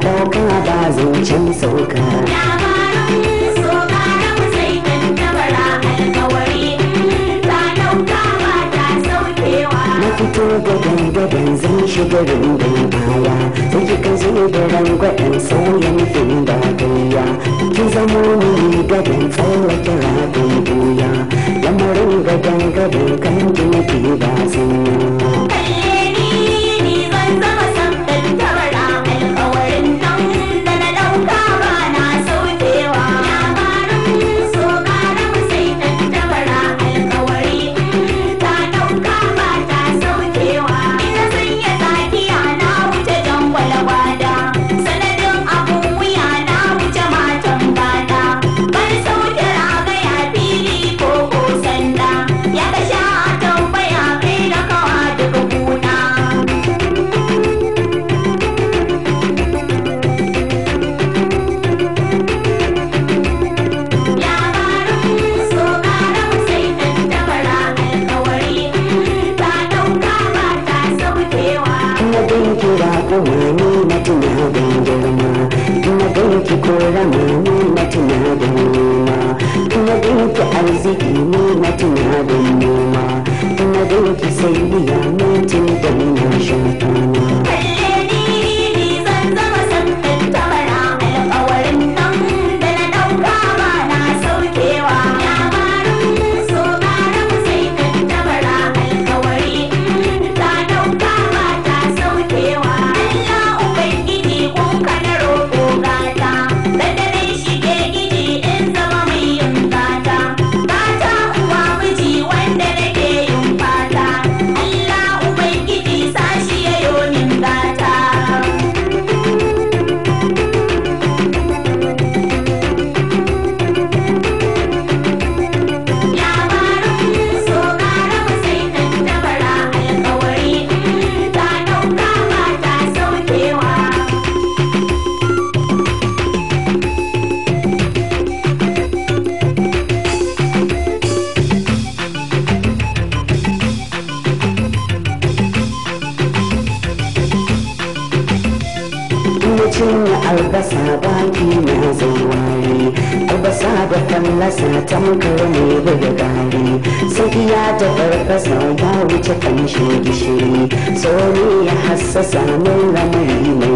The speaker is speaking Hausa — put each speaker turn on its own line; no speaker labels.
doka ba zancen sauka fito gaban gaban zan shiga rundun baya sai ka zo da rangwaɗan sauyan fin da doya ki zamo ni gaban tsawata rabin doya lamarin gaban gaban kan ki nake ba tora ni na tuna da noma ina dinki arziki ni na tuna da noma ina dinki sai biya mutum da muna shan cinye albasa baki na zai albasa da fallasa ta mukar ne daga gari ya ta farfasa ya wuce shi gishiri tsoro ya hassasa ramai ramari